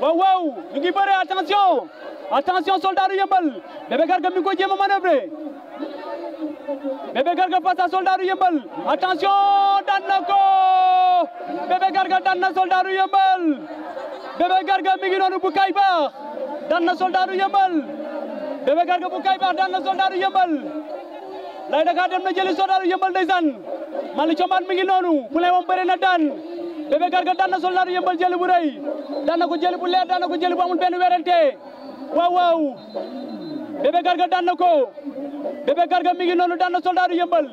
waaw waaw ñu ngi bëre attention attention soldat du yëmbal Bébé Garga mi ngi koy jéem a manœuvrer Bébé Garga face à soldat du na ko Bébé Garga daan na soldat du yëmbal Bébé Garga mi ngi noonu bu kay baax na soldat du yëmbal Bébé Garga bu kay baax na soldat du lay da ka dem na jëli soldat du yëmbal ndeysaan Malick Combaan mi ngi noonu bu lay moom na daan Bébé Garga daan na Soldaru Yeumbeul jëli bu rëy na ko jël bu leer daan na ko jëli bu amul benn werante waaw waaw Bébé Garga daan na ko Bébé Garga mi ngi noonu daan na Soldaru Yeumbeul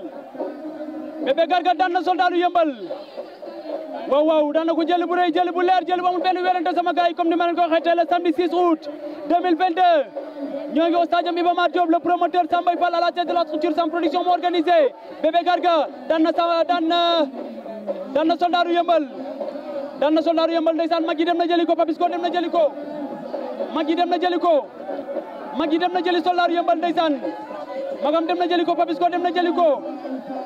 Bébé Garga daan na Soldaru Yeumbeul waaw waaw daan na ko jëli bu rëy jëli bu leer jëli bu amul benn werante sama comme ni ma leen ko waxee tey le samedi ñoo ngi au stade Iba Mar Diop le promoteur Sambay Fall à la tête de la structure sans production moo organisé Bébé Garga daan na daan na soldaaru yëmbal daan na soldaaru yëmbal ndeysaan mag yi dem na jëli ko Papis ko dem na jëli ko mag yi dem na jëli ko mag dem na jëli soldaaru yëmbal ndeysaan magam dem na jëli ko Papis ko dem na jëli ko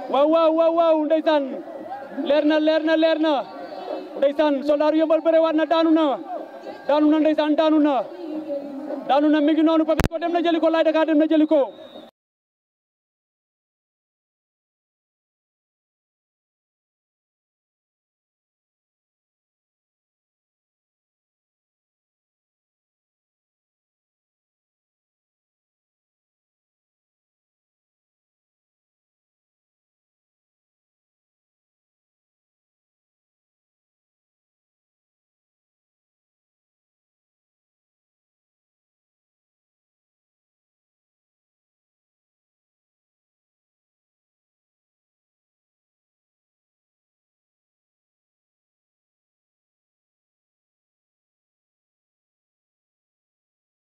waaw waw waaw waaw ndeysaan leer na leer na leer na ndeysaan soldaaru yëmbal bëre waat na daanu na daanu na daanu na daanu na mi ngi noonu Papis ko dem na jëli ko Laye Dakar dem na jëli ko